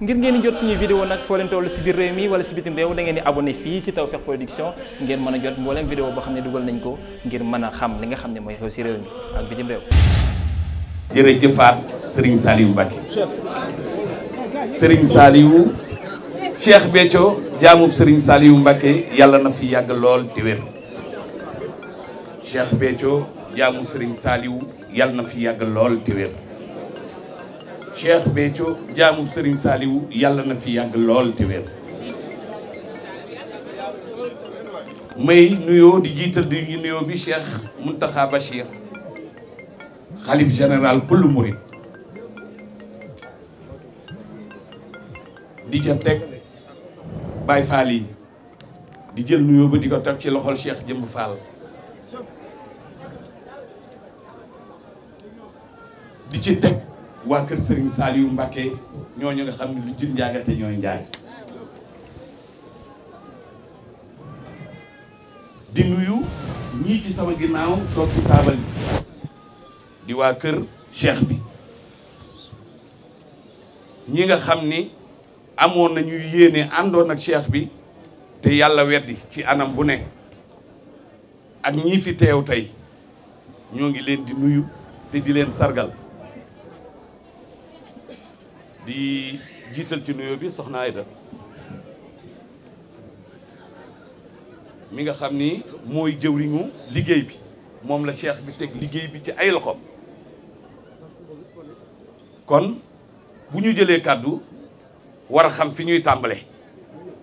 ngir ngeen di jot suñuy vidéo nag foo leen toll si biir réew mi wala si bitim réew da ngeen di abonné fii si Tawfekh Production ngeen mën a jot mbooleem vidéo boo xam ne dugal nañ ko ngir mën a xam li nga xam ne mooy xew si réew mi ak bitim réew jërëjëfaat Serigne Saliou Mbacké Serigne Saliou Cheikh Béthio jaamub Serigne Saliou Mbacké yàlla na fi yàgg lool te wér Cheikh Béthio jaamu Serigne Saliou yàlla na fi yàgg lool te Cheikh Béthio jaamu Serigne Saliou yàlla na fi yàgg lool te may nuyoo di jiital di nuyoo bi Cheikh Mountakha Bachir xalif général kullu murid di ca teg Baye Fall yi di jël nuyoo ba di ko teg ci loxol Cheikh Jëmb Fall di ci teg waa kër Serigne Saliou Mbacké ñooñu nga xam ne lu jur njaagate ñooy njaag di nuyu ñii ci sama ginnaaw toog ci taabal di waa kër cheikh bi ñi nga xam ni amoon nañu yéene àndoon ak cheikh bi te yàlla weddi ci anam bu ne ak ñii fi teew tey ñoo ngi leen di nuyu te di leen sargal di jiital ci nuyoo bi soxna Aida mi nga xam ni mooy jëwriñu liggéey bi moom la cheikh bi teg liggéey bi ci ay loxoom kon bu ñu jëlee kàddu war a xam fi ñuy tàmbale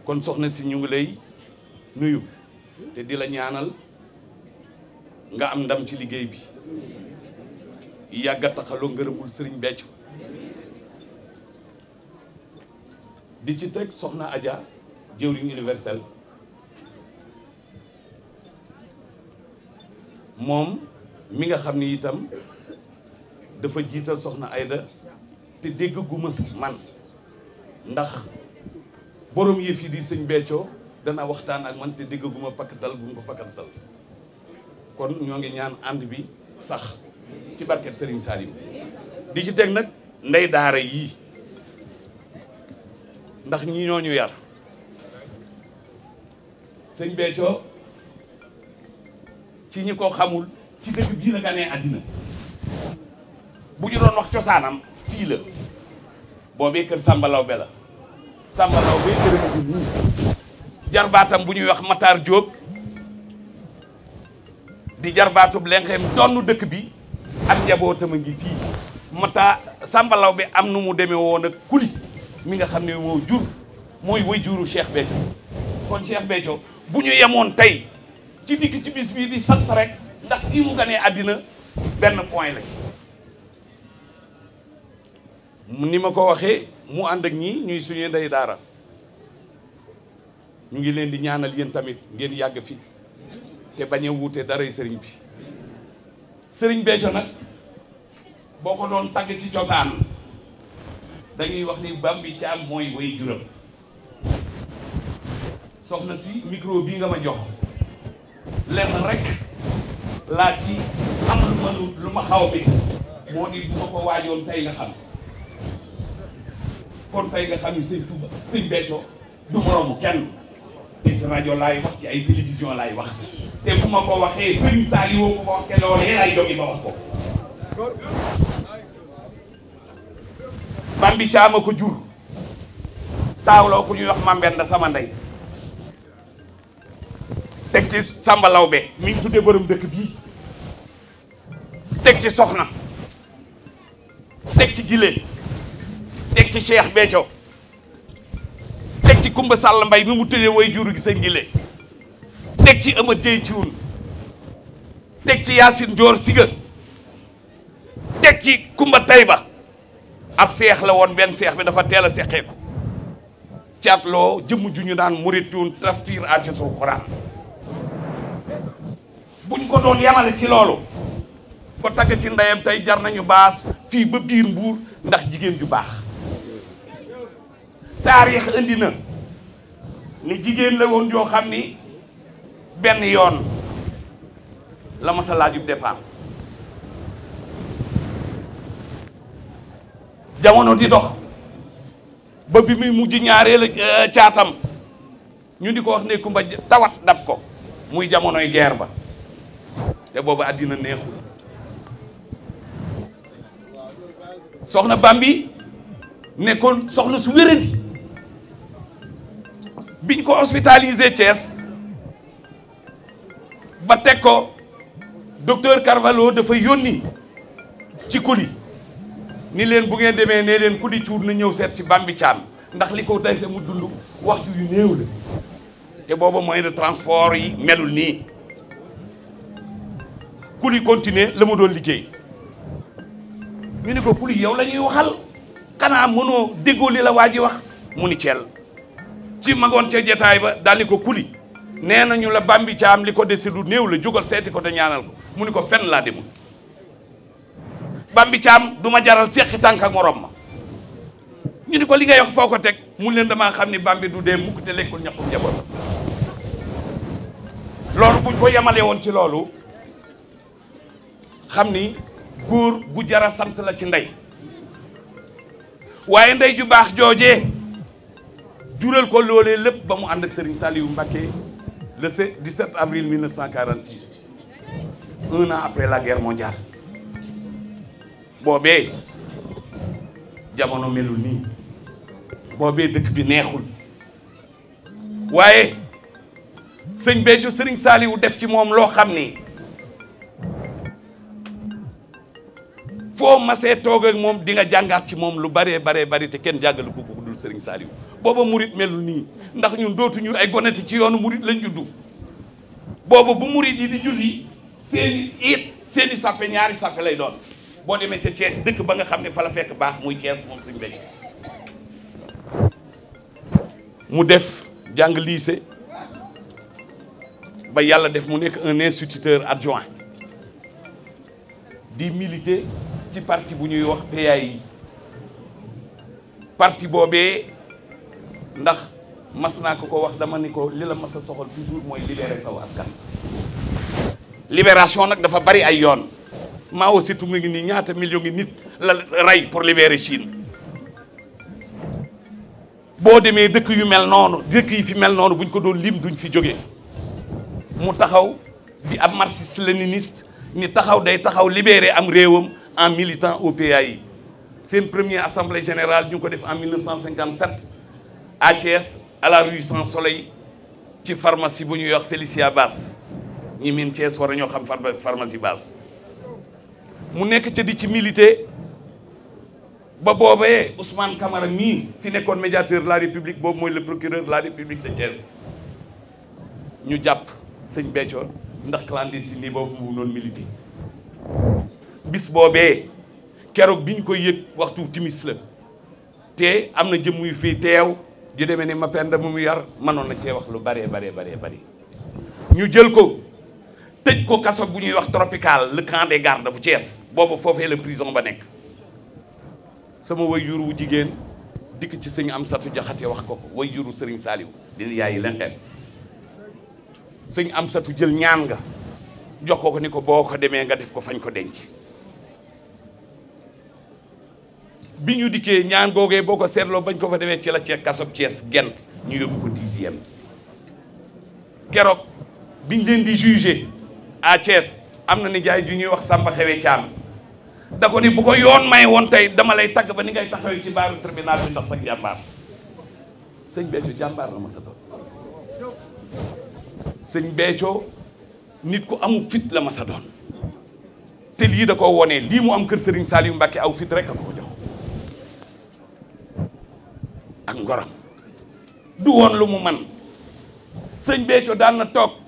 kon soxna si ñu ngi lay nuyu te di la ñaanal nga am ndam ci liggéey bi yàgga taxaloo ngërëmul sëriñ beccu di ci teg soxna Adja jëwriñ universel moom mi nga xam ni itam dafa jiital soxna Aida te dégg guma man ndax boroom yëf yi di sëñ Béthio dana waxtaan ak man te dégg guma pakkatal gu ma pakkatal kon ñoo ngi ñaan ànd bi sax ci barket Serigne Salim di ci teg nag ndey daara yii ndax ñi ñoo ñu yar sëñ Béthio ci ñi ko xamul ci dëkk ji la ganee àddina bu ñu doon wax cosaanam fii la boobee kër Samba Lawbe la Samba Lawbe kër bu ñu jarbaatam bu ñuy wax mataar Diop di jarbaatub lenqeem donnu dëkk bi ak njabootam a ngi fii Matar Samba Lawbe am nu mu demee woon ak kuli mi nga xam ne moo jur mooy way juru Cheikh Béthio kon Cheikh Béthio bu ñu yemoon tey ci dikk ci bis bii di sant rek ndax kii mu ganee àddina benn point la ci ni ma ko waxee mu ànd ak ñii ñuy suñu ndey daara ñu ngi leen di ñaanal yéen tamit ngeen yàgg fi te bañ a wuute daray sëriñ bi sëriñ Béthio nag boo ko doon tagg ci cosaan dañuy wax ni Bambi Caam mooy way juram soxna si micro bii nga ma jox lenn rek laa ci am lu ma lu ma xaw a moo di bu ma ko waajoon tey nga xam kon tey nga xam ni sëñ Tuuba sëñ Béthio du moroomu kenn te ci rajo laay wax ci ay télévision laay wax te bu ma ko waxee sëñ Saliou woo ko wax te loolee laay jóge ba wax ko Bambi Caam a ko jur taawloo ku ñuy wax Mambenda sama ndey teg ci Samba Lawbe mi tuddee borom dëkk bii teg ci Soxna teg ci Gile teg ci Cheikh Béthio teg ci Kumba Sall Mbay mi mu tëddee way juru gi seen teg ci Ama Dey Ciwun teg ci Yaasin Joor Siga teg ci Kumba Tayba ab seex la woon benn seex bi dafa teel a seqeeku caatloo jëmm ju ñu daan murit yuun tafsir afisul quran buñ ko doon yamale ci loolu foo takk ci ndeyam tey jar nañu baas fii ba biir mbuur ndax jigéen ju baax taarix indi na ni jigéen la woon joo xam ni benn yoon la ma sa laajub jamono di dox ba bi muy mujj ñaareelu euh, caatam ñu di ko wax ne kumba tawat dab ko muy jamonoy guerre ba te boobu àddina neexul soxna Bambi nekkoon soxna su wéradi biñ ko hospitalisé Thiès ba teg ko docteur Carvalho dafa yónni ci kuli ni leen bu ngeen demee nee ku di cuur na ñëw seet si Bambi Thiam ndax li ko day sa mu dund waxtu yu néew la te booba mooy de transport yi melul nii ku li continuer doon liggéey mu ni ko ku li yow la ñuy waxal xanaa mënoo noo li la waa ji wax mu ni ceel ci magoon ce jataay ba daal ni ko kuli nee nañu la Bambi Thiam li ko desi du néew la jógal seeti ko te ñaanal ko mu ni ko fenn laa demul bambi caam du ma jaral séqi tànk ak morom ma ñu ni ko li ngay wax foo ko teg mu leen damaa xam ni bambi du dee mukk te lekkul ñaxum njaboot loolu buñ ko yemale woon ci loolu xam ni góor gu jara sant la ci ndey waaye ndey ju baax joojee jural ko loolee lépp ba mu ànd ak Serigne Saliou Mbacké le 17 avril 1946 un an après la guerre mondiale boobee jamono melul nii boobee dëkk bi neexul waaye sëñ Béthio sëriñ Saliou def ci moom loo xam ni foo masee toog ak moom di nga jàngaat ci moom lu baree baree bari te kenn jàngalu ko ku dul sëriñ Saliou booba murit melul nii ndax ñun dootuñu ay gonati ci yoonu murit lañ juddu booba bu murit yi di julli seeni it seeni sàppe ñaari sàppe lay doon boo demee ca Thiès dëkk ba nga xam ne fa la fekk baax muy Thiès moom suñu mbéy mu def jàng lycée ba yàlla def mu nekk un instituteur adjoint di militer ci parti bu ñuy wax PAI parti boobee ndax mas naa ko ko wax dama ni ko li la mas a soxal toujours mooy libérer saw askan libération nag dafa bari ay yoon Mao Zedong mu ngi nii ñaata million ngi nit la rey pour libérer Chine boo demee dëkk yu mel noonu dëkk yi fi mel noonu buñ ko doon lim duñ fi jóge mu taxaw di ab marxiste léniniste ni taxaw day taxaw libérer am réewam en militant au PAI seen premier assemblée générale ñu ko def en 1957 à Thiès à la rue sans soleil ci pharmacie bu ñuy wax Félicia Bass ñi miin Thiès war a ñoo xam pharmacie Bass mu nekk ca di ci milité ba boobee Ousmane Camara mii si nekkoon médiateur la République boobu mooy le procureur de la République de Thiès ñu jàpp sëñ Béthio ndax clandestine boobu mu noonu milité bis boobee keroog bi ñu koy yëg waxtu timis la te am na jëmm yu fii teew ju demee ni ma penda mu yar mënoon na cee wax lu bëree baree baree bëri ñu jël ko tëj ko kaso bu ñuy wax tropical le camp des gardes bu Thiès boobu foofee la prison ba nekk sama way wu jigéen dikk ci sëñ am satu Amsatu Jaxate wax ko ko way juru sëriñ Saaliw dina yaayi lenqeen sëñ satu jël ñaan nga jox ko ko ni ko boo ko demee nga def ko fañ ko denc bi ñu dikkee ñaan googee boo ko seetloo bañ ko fa demee ci la cee kasob Thiès gent ñu yóbbu ko dixième keroog biñ leen di jugé à am na nijaay ju ñuy wax Samba Xewe Thiam da ko ni bu ko yoon may woon tey dama lay tagg ba ni ngay taxawee ci baaru tribunal bi ndax sa jàmbaar sëñ Béthio la ma nit ku amul fit la ma te lii da koo wonee lii mu am kër Serigne Saliou Mbacké aw fit rek a ko jox ak ngoram du woon lu mu man sëñ Béthio daan na toog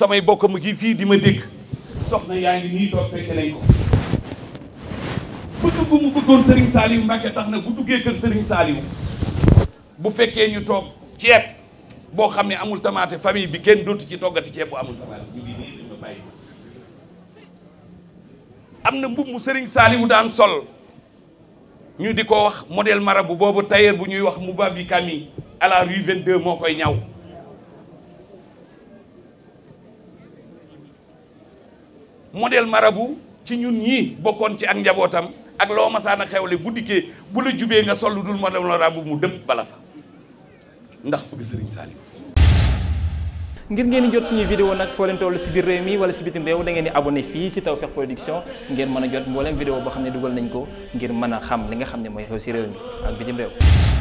samay bokk mu ngi fii di ma dégg soxna yaa ngi nii toog fekke nañ ko bëgg bu mu bëggoon Serigne Saliou Mbacke tax na bu duggee kër Serigne Saliou bu fekkee ñu toog ceeb boo xam ne amul tamaate famille bi kenn dootu ci toggati ceeb bu amul tamaate ñu ngi nii dañu am na mbub mu Serigne Saliou daan sol ñu di ko wax modèle marabu boobu tailleur bu ñuy wax Moubabi yi à la rue 22 moo koy ñaw model modèle marabu ci ñun ñii bokkoon ci ak njabootam ak loo masaan a le bu dikkee bu la jubee nga sol lu dul modèle marabu mu dëpp bala fa ndax bëgg sëriñ Saliou ngir ngeen di jot suñuy vidéo nag foo leen toll si biir réew mi wala si bitim réew da ngeen di abonné fii si Tawfekh Production ngeen mën a jot mbooleem vidéo boo xam ne dugal nañ ko ngir mën a xam li nga xam ne mooy xew si réew mi ak bitim réew